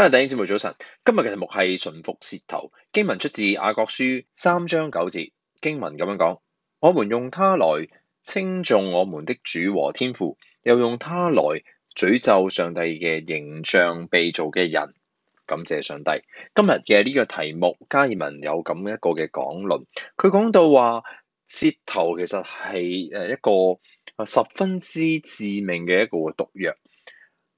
今日第一節目早晨，今日嘅題目係馴服舌頭。經文出自《雅各書》三章九節，經文咁樣講：我們用它來稱頌我們的主和天父，又用它來詛咒上帝嘅形象被造嘅人。感謝上帝。今日嘅呢個題目，加爾文有咁一個嘅講論，佢講到話舌頭其實係誒一個十分之致命嘅一個毒藥。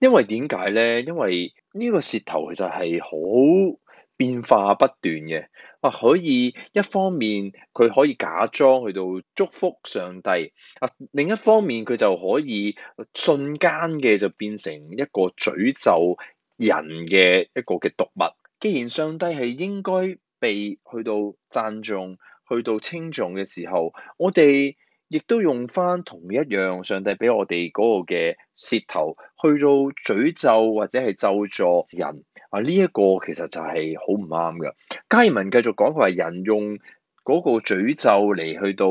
因為點解咧？因為呢個舌頭其實係好變化不斷嘅。啊，可以一方面佢可以假裝去到祝福上帝；啊，另一方面佢就可以瞬間嘅就變成一個詛咒人嘅一個嘅毒物。既然上帝係應該被去到讚頌、去到稱頌嘅時候，我哋亦都用翻同一樣上帝俾我哋嗰個嘅舌頭。去到詛咒或者係咒詛人，啊呢一、這個其實就係好唔啱嘅。加爾文繼續講，佢話人用嗰個詛咒嚟去到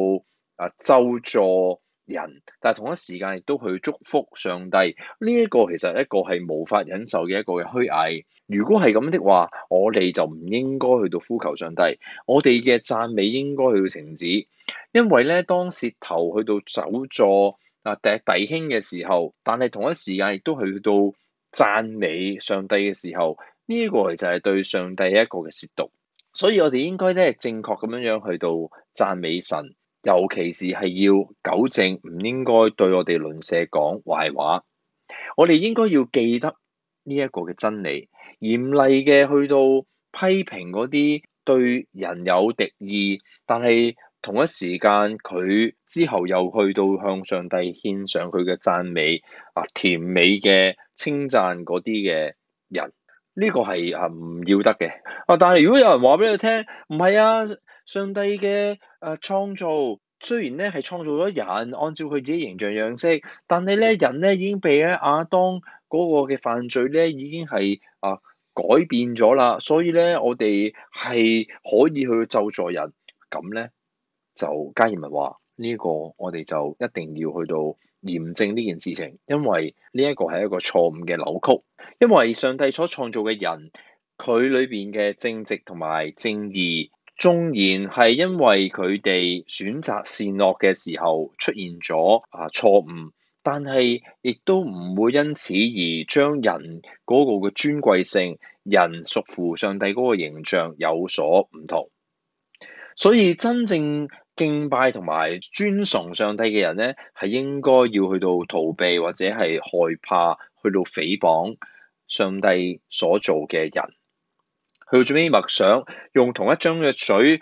啊咒詛人，但係同一時間亦都去祝福上帝。呢、這、一個其實一個係無法忍受嘅一個嘅虛偽。如果係咁的話，我哋就唔應該去到呼求上帝，我哋嘅讚美應該去到停止，因為咧當舌頭去到咒詛，嗱，敵弟兄嘅時候，但係同一時間亦都去到讚美上帝嘅時候，呢個就係對上帝一個嘅褻瀆。所以我哋應該咧正確咁樣樣去到讚美神，尤其是係要糾正唔應該對我哋鄰舍講壞話。我哋應該要記得呢一個嘅真理，嚴厲嘅去到批評嗰啲對人有敵意，但係。同一時間，佢之後又去到向上帝獻上佢嘅讚美啊，甜美嘅稱讚嗰啲嘅人，呢、這個係啊唔要得嘅。啊，但係如果有人話俾你聽，唔係啊，上帝嘅誒創造，雖然咧係創造咗人，按照佢自己形象樣式，但係咧人咧已經被咧、啊、亞當嗰個嘅犯罪咧已經係啊改變咗啦，所以咧我哋係可以去咒詛人，咁咧？就加爾文話呢個，我哋就一定要去到驗證呢件事情，因為呢一個係一個錯誤嘅扭曲。因為上帝所創造嘅人，佢裏邊嘅正直同埋正義縱然係因為佢哋選擇善惡嘅時候出現咗啊錯誤，但係亦都唔會因此而將人嗰個嘅尊貴性，人屬乎上帝嗰個形象有所唔同。所以真正。敬拜同埋尊崇上帝嘅人呢，係應該要去到逃避或者係害怕去到誹謗上帝所做嘅人，去到最尾默想用同一張嘅嘴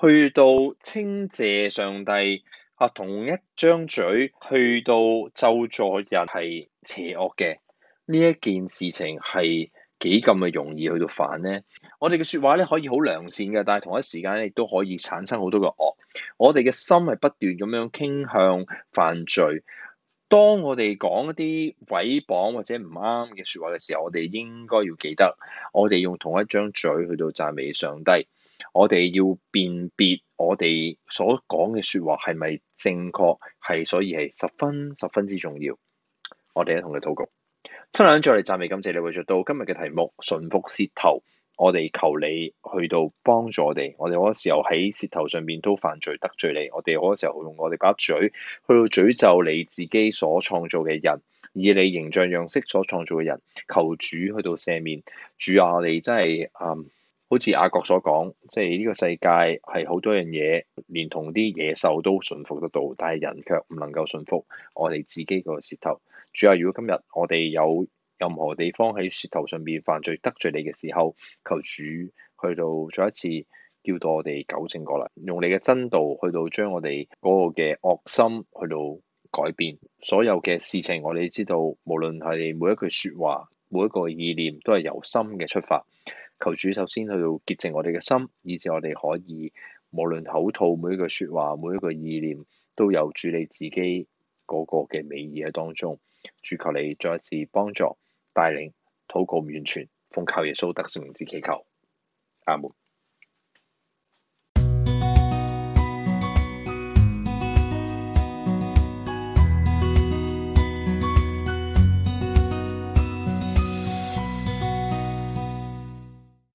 去到稱謝上帝啊，同一張嘴去到咒詛人係邪惡嘅呢一件事情係。幾咁咪容易去到犯呢？我哋嘅說話咧可以好良善嘅，但係同一時間亦都可以產生好多嘅惡。我哋嘅心係不斷咁樣傾向犯罪。當我哋講一啲誹謗或者唔啱嘅說話嘅時候，我哋應該要記得，我哋用同一張嘴去到讚美上帝。我哋要辨別我哋所講嘅說話係咪正確，係所以係十分十分之重要。我哋咧同佢禱告。親兩再嚟讚美感謝你，為做到今日嘅題目馴服舌頭，我哋求你去到幫助我哋。我哋好多時候喺舌頭上面都犯罪得罪你，我哋好多時候用我哋把嘴去到詛咒你自己所創造嘅人，以你形象樣式所創造嘅人，求主去到赦免。主啊！我哋真係嗯，好似雅各所講，即係呢個世界係好多樣嘢，連同啲野獸都馴服得到，但係人卻唔能夠馴服我哋自己個舌頭。主啊！如果今日我哋有任何地方喺舌頭上邊犯罪得罪你嘅時候，求主去到再一次叫到我哋糾正過嚟，用你嘅真道去到將我哋嗰個嘅噁心去到改變。所有嘅事情我哋知道，無論係每一句說話、每一個意念，都係由心嘅出發。求主首先去到潔淨我哋嘅心，以至我哋可以無論口吐每一句說話、每一個意念，都有主你自己嗰個嘅美意喺當中。主求你再次幫助帶領，禱告完全奉靠耶穌得勝名字祈求阿門。